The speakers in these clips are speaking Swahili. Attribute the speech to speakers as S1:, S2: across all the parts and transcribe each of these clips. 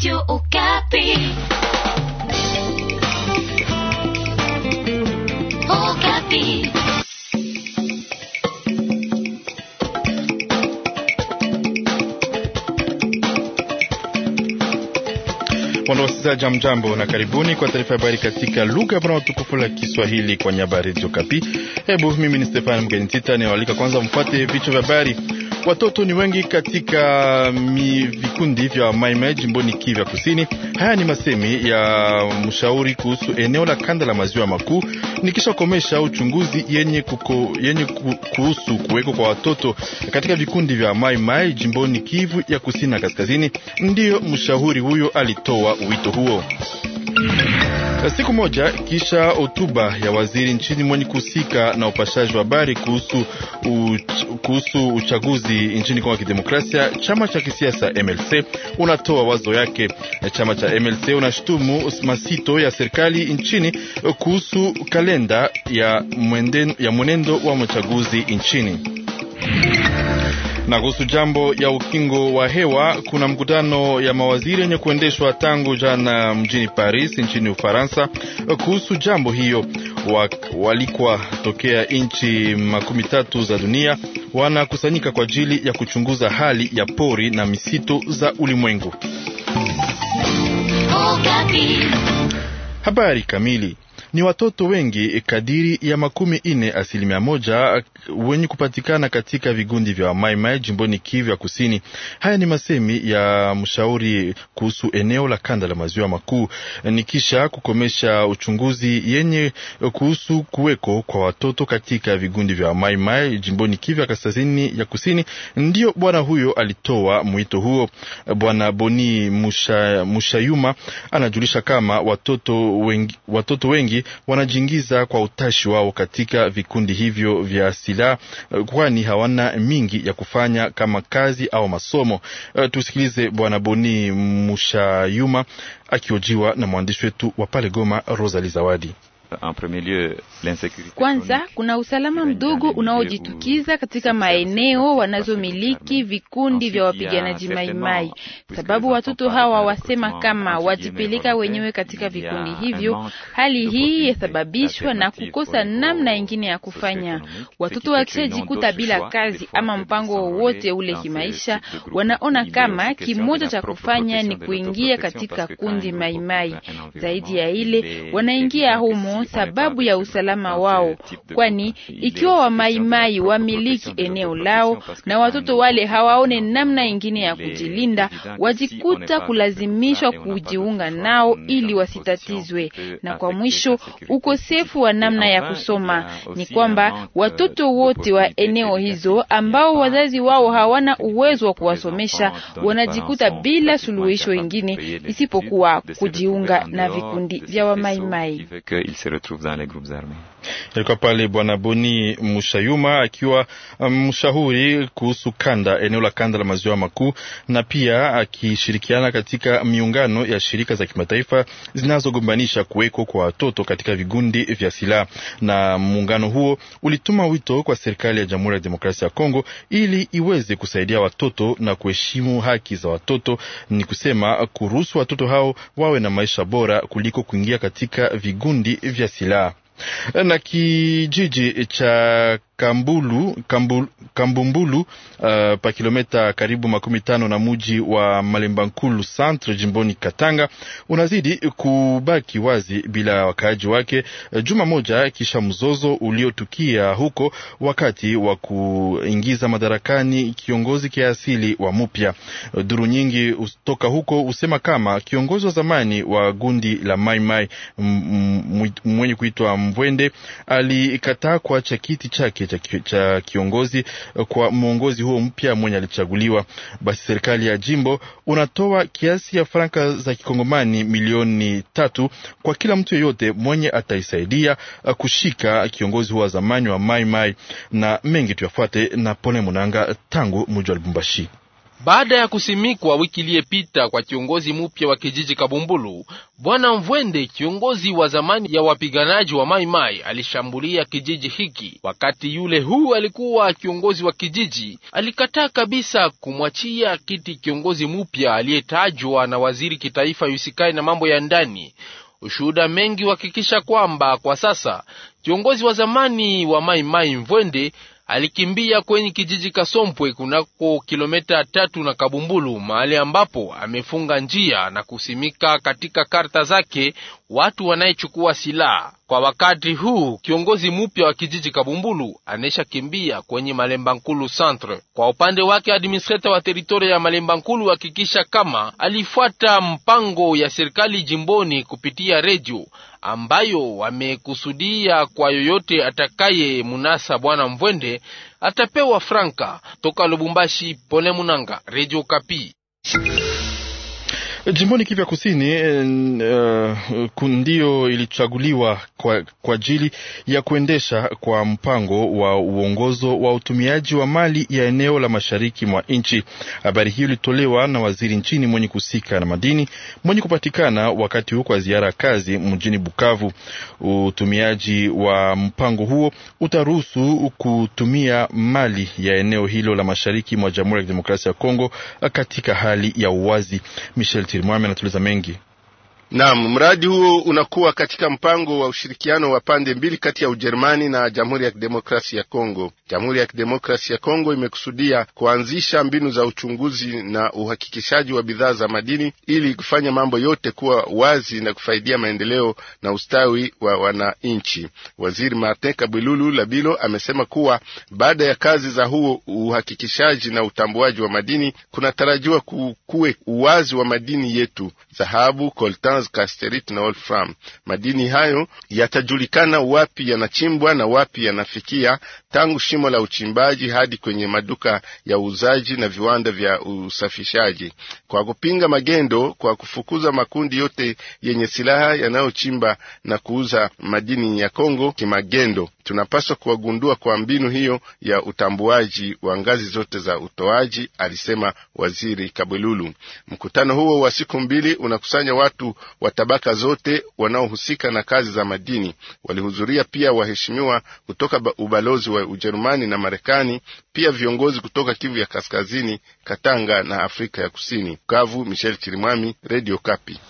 S1: Radio Okapi. Okapi.
S2: Wasikilizaji mjambo na karibuni kwa taarifa ya habari katika lugha bora tukufu la Kiswahili kwa nyaba ya Radio Okapi. Hebu mimi ni Stefan Mgenitita niwaalika kwanza mfuate vichwa vya habari. Watoto ni wengi katika vikundi vya Maimai jimboni Kivu ya Kusini. Haya ni masemi ya mshauri kuhusu eneo la kanda la maziwa makuu, nikisha komesha uchunguzi yenye, kuko, yenye kuhusu kuwekwa kwa watoto katika vikundi vya Maimai jimboni Kivu ya Kusini na Kaskazini. Ndiyo mshauri huyo alitoa wito huo. Siku moja kisha hotuba ya waziri nchini mwenye kuhusika na upashaji wa habari kuhusu, uch, kuhusu uchaguzi nchini Kongo ya Kidemokrasia, chama cha kisiasa MLC unatoa wazo yake. Chama cha MLC unashutumu masito ya serikali nchini kuhusu kalenda ya mwenendo, ya mwenendo wa machaguzi nchini. Na kuhusu jambo ya ukingo wa hewa, kuna mkutano ya mawaziri yenye kuendeshwa tangu jana mjini Paris nchini Ufaransa kuhusu jambo hiyo. Walikwa tokea nchi makumi tatu za dunia wanakusanyika kwa ajili ya kuchunguza hali ya pori na misitu za ulimwengu. Oh, Habari kamili ni watoto wengi e, kadiri ya makumi ine asilimia moja wenye kupatikana katika vigundi vya wamaimai jimboni Kivu ya Kusini. Haya ni masemi ya mshauri kuhusu eneo la kanda la maziwa makuu, ni kisha kukomesha uchunguzi yenye e, kuhusu kuweko kwa watoto katika vigundi vya wamaimai jimboni Kivu ya Kaskazini ya Kusini. ndio bwana huyo alitoa mwito huo. Bwana Boni Musha, Mushayuma anajulisha kama watoto wengi, watoto wengi wengi wanajiingiza kwa utashi wao katika vikundi hivyo vya silaha, eh, kwani hawana mingi ya kufanya kama kazi au masomo. Eh, tusikilize Bwana Boni Mushayuma akiojiwa na mwandishi wetu wa pale Goma, Rosali Zawadi.
S3: Kwanza kuna usalama mdogo unaojitukiza katika maeneo wanazomiliki vikundi vya wapiganaji Maimai, sababu watoto hawa wasema kama wajipeleka wenyewe katika vikundi hivyo. Hali hii yasababishwa na kukosa namna ingine ya kufanya. Watoto wakishajikuta bila kazi ama mpango wowote ule kimaisha, wanaona kama kimoja cha kufanya ni kuingia katika kundi Maimai. Zaidi ya ile, wanaingia humo sababu ya usalama wao, kwani ikiwa wamaimai wamiliki eneo lao na watoto wale hawaone namna ingine ya kujilinda, wajikuta kulazimishwa kujiunga nao ili wasitatizwe. Na kwa mwisho, ukosefu wa namna ya kusoma ni kwamba watoto wote wa eneo hizo ambao wazazi wao hawana uwezo wa kuwasomesha wanajikuta bila suluhisho ingine isipokuwa kujiunga na vikundi vya wamaimai.
S2: ترووب زنه گروپ زرمه Ilikuwa eh, pale Bwana Boni Mushayuma akiwa mm, mshauri kuhusu kanda eneo la kanda la maziwa makuu, na pia akishirikiana katika miungano ya shirika za kimataifa zinazogombanisha kuwekwa kwa watoto katika vigundi vya silaha. Na muungano huo ulituma wito kwa serikali ya Jamhuri ya Demokrasia ya Kongo ili iweze kusaidia watoto na kuheshimu haki za watoto, ni kusema kuruhusu watoto hao wawe na maisha bora kuliko kuingia katika vigundi vya silaha na kijiji cha Kambulu, Kambulu, Kambumbulu uh, pa kilometa karibu makumi tano na muji wa malembankulu centre jimboni Katanga unazidi kubaki wazi bila wakaaji wake uh, juma moja kisha mzozo uliotukia huko wakati wa kuingiza madarakani kiongozi kiasili wa mupya. Uh, duru nyingi toka huko husema kama kiongozi wa zamani wa gundi la Maimai mwenye kuitwa mvwende alikataa kuacha kiti chake cha kiongozi eh, kwa mwongozi huo mpya mwenye alichaguliwa. Basi serikali ya jimbo unatoa kiasi ya franka za kikongomani milioni tatu kwa kila mtu yeyote mwenye ataisaidia eh, kushika kiongozi huo wa zamani wa maimai Mai. Na mengi tuyafuate na Pole Munanga tangu mji wa Lubumbashi.
S4: Baada ya kusimikwa wiki iliyopita kwa kiongozi mpya wa kijiji Kabumbulu, bwana Mvwende, kiongozi wa zamani ya wapiganaji wa maimai Mai, alishambulia kijiji hiki. Wakati yule huu alikuwa kiongozi wa kijiji, alikataa kabisa kumwachia kiti kiongozi mpya aliyetajwa na waziri kitaifa yusikai na mambo ya ndani. Ushuhuda mengi uhakikisha kwamba kwa sasa kiongozi wa zamani wa maimai Mai Mvwende alikimbia kwenye kijiji Kasompwe kunako kilomita tatu na Kabumbulu, mahali ambapo amefunga njia na kusimika katika karta zake watu wanayechukua silaha. Kwa wakati huu kiongozi mupya wa kijiji Kabumbulu anesha kimbia kwenye Malemba Nkulu centre. Kwa upande wake administrator wa teritoria ya Malemba Nkulu hakikisha kama alifuata mpango ya serikali jimboni kupitia redio ambayo wamekusudia kwa yoyote atakaye munasa bwana Mvwende atapewa franka. Toka Lubumbashi, Pole Munanga, Radio Kapi.
S2: Eh, jimboni Kivya Kusini eh, eh, uh, ndiyo ilichaguliwa kwa ajili ya kuendesha kwa mpango wa uongozo wa utumiaji wa mali ya eneo la mashariki mwa nchi. Habari hiyo ilitolewa na waziri nchini mwenye kusika na madini mwenye kupatikana wakati huu kwa ziara ya kazi mjini Bukavu. Utumiaji wa mpango huo utaruhusu kutumia mali ya eneo hilo la mashariki mwa Jamhuri ya Kidemokrasia ya Kongo katika hali ya uwazi. Michel maskini mwame anatuliza mengi
S1: Naam, mradi huo unakuwa katika mpango wa ushirikiano wa pande mbili kati ya Ujerumani na Jamhuri ya Kidemokrasia ya Kongo. Jamhuri ya Kidemokrasia ya Kongo imekusudia kuanzisha mbinu za uchunguzi na uhakikishaji wa bidhaa za madini ili kufanya mambo yote kuwa wazi na kufaidia maendeleo na ustawi wa wananchi. Waziri Martin kabwilulu Labilo amesema kuwa baada ya kazi za huo uhakikishaji na utambuaji wa madini kunatarajiwa kukuwe uwazi wa madini yetu, dhahabu, coltan Chance, Kasterit na Wolfram. Madini hayo yatajulikana wapi yanachimbwa na wapi yanafikia, tangu shimo la uchimbaji hadi kwenye maduka ya uuzaji na viwanda vya usafishaji. Kwa kupinga magendo, kwa kufukuza makundi yote yenye silaha yanayochimba na kuuza madini ya Kongo kimagendo, tunapaswa kuwagundua kwa mbinu hiyo ya utambuaji wa ngazi zote za utoaji, alisema waziri Kabwelulu. Mkutano huo wa siku mbili unakusanya watu wa tabaka zote wanaohusika na kazi za madini. Walihudhuria pia waheshimiwa kutoka ubalozi wa Ujerumani na Marekani, pia viongozi kutoka Kivu ya Kaskazini, Katanga na Afrika ya Kusini. Kavu, Michel Chirimwami, Radio Kapi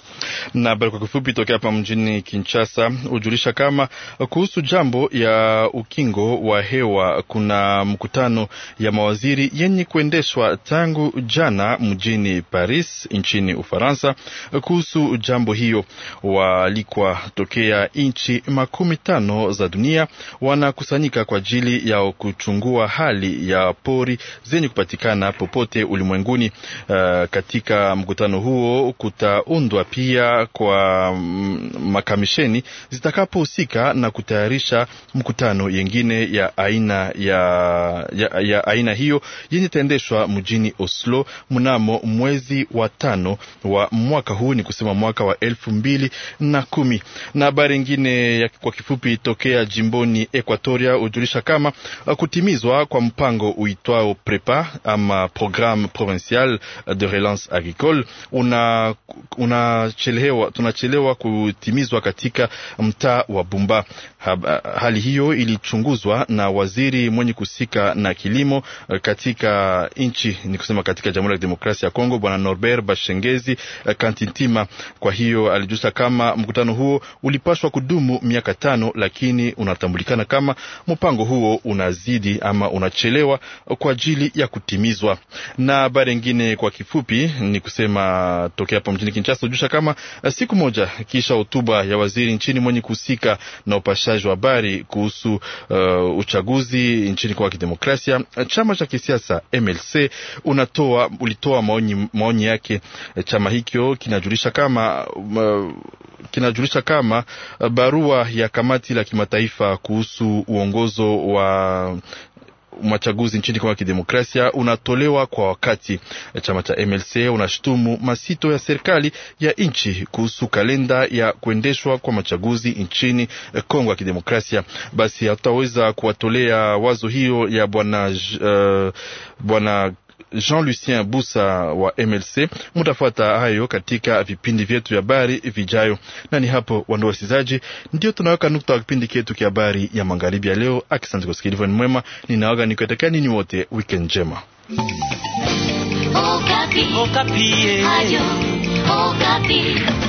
S2: na habari kwa kifupi tokea hapa mjini Kinshasa hujulisha kama kuhusu jambo ya ukingo wa hewa, kuna mkutano ya mawaziri yenye kuendeshwa tangu jana mjini Paris nchini Ufaransa kuhusu jambo hiyo. walikwa tokea nchi makumi tano za dunia wanakusanyika kwa ajili ya kuchungua hali ya pori zenye kupatikana popote ulimwenguni. Uh, katika mkutano huo kutaundwa pia kwa mm, makamisheni zitakapohusika na kutayarisha mkutano yengine ya aina, ya, ya, ya aina hiyo yenye itaendeshwa mjini Oslo mnamo mwezi wa tano wa mwaka huu, ni kusema mwaka wa elfu mbili na kumi. Na habari ingine kwa kifupi tokea jimboni Equatoria hujulisha kama uh, kutimizwa kwa mpango uitwao Prepa ama Programme Provincial de Relance Agricole una, una tunachelewa, tunachelewa kutimizwa katika mtaa wa Bumba. Ah, hali hiyo ilichunguzwa na waziri mwenye kusika na kilimo eh, katika nchi ni kusema katika Jamhuri ya Kidemokrasia ya Kongo, Bwana Norbert Bashengezi eh, Kantintima. Kwa hiyo alijusa kama mkutano huo ulipaswa kudumu miaka tano, lakini unatambulikana kama mpango huo unazidi ama unachelewa eh, kwa ajili ya kutimizwa. Na habari nyingine kwa kifupi ni kusema tokea hapa mjini Kinshasa, ujusha kama Eh, siku moja kisha hotuba ya waziri nchini mwenye kuhusika na upashaji wa habari kuhusu uh, uchaguzi nchini kwa kidemokrasia. Eh, chama cha kisiasa MLC unatoa ulitoa maoni, maoni yake. Chama hikyo kinajulisha kama uh, kinajulisha kama barua ya kamati la kimataifa kuhusu uongozo wa machaguzi nchini Kongo ya Kidemokrasia unatolewa kwa wakati. Chama cha MLC unashutumu masito ya serikali ya nchi kuhusu kalenda ya kuendeshwa kwa machaguzi nchini Kongo ya Kidemokrasia. Basi hatutaweza kuwatolea wazo hiyo ya bwana uh, bwana Jean-Lucien Busa wa MLC. Mutafuata hayo katika vipindi vyetu vya habari vijayo, na ni hapo wandoa wasikizaji, ndio tunaweka nukta wa kipindi kietu kya habari ya magharibi ya leo. Asante kusikiliza, ni mwema, ninawaga nikuetekani nini wote, weekend njema.
S3: Okapi. Okapi. Eh. Ayo. Okapi.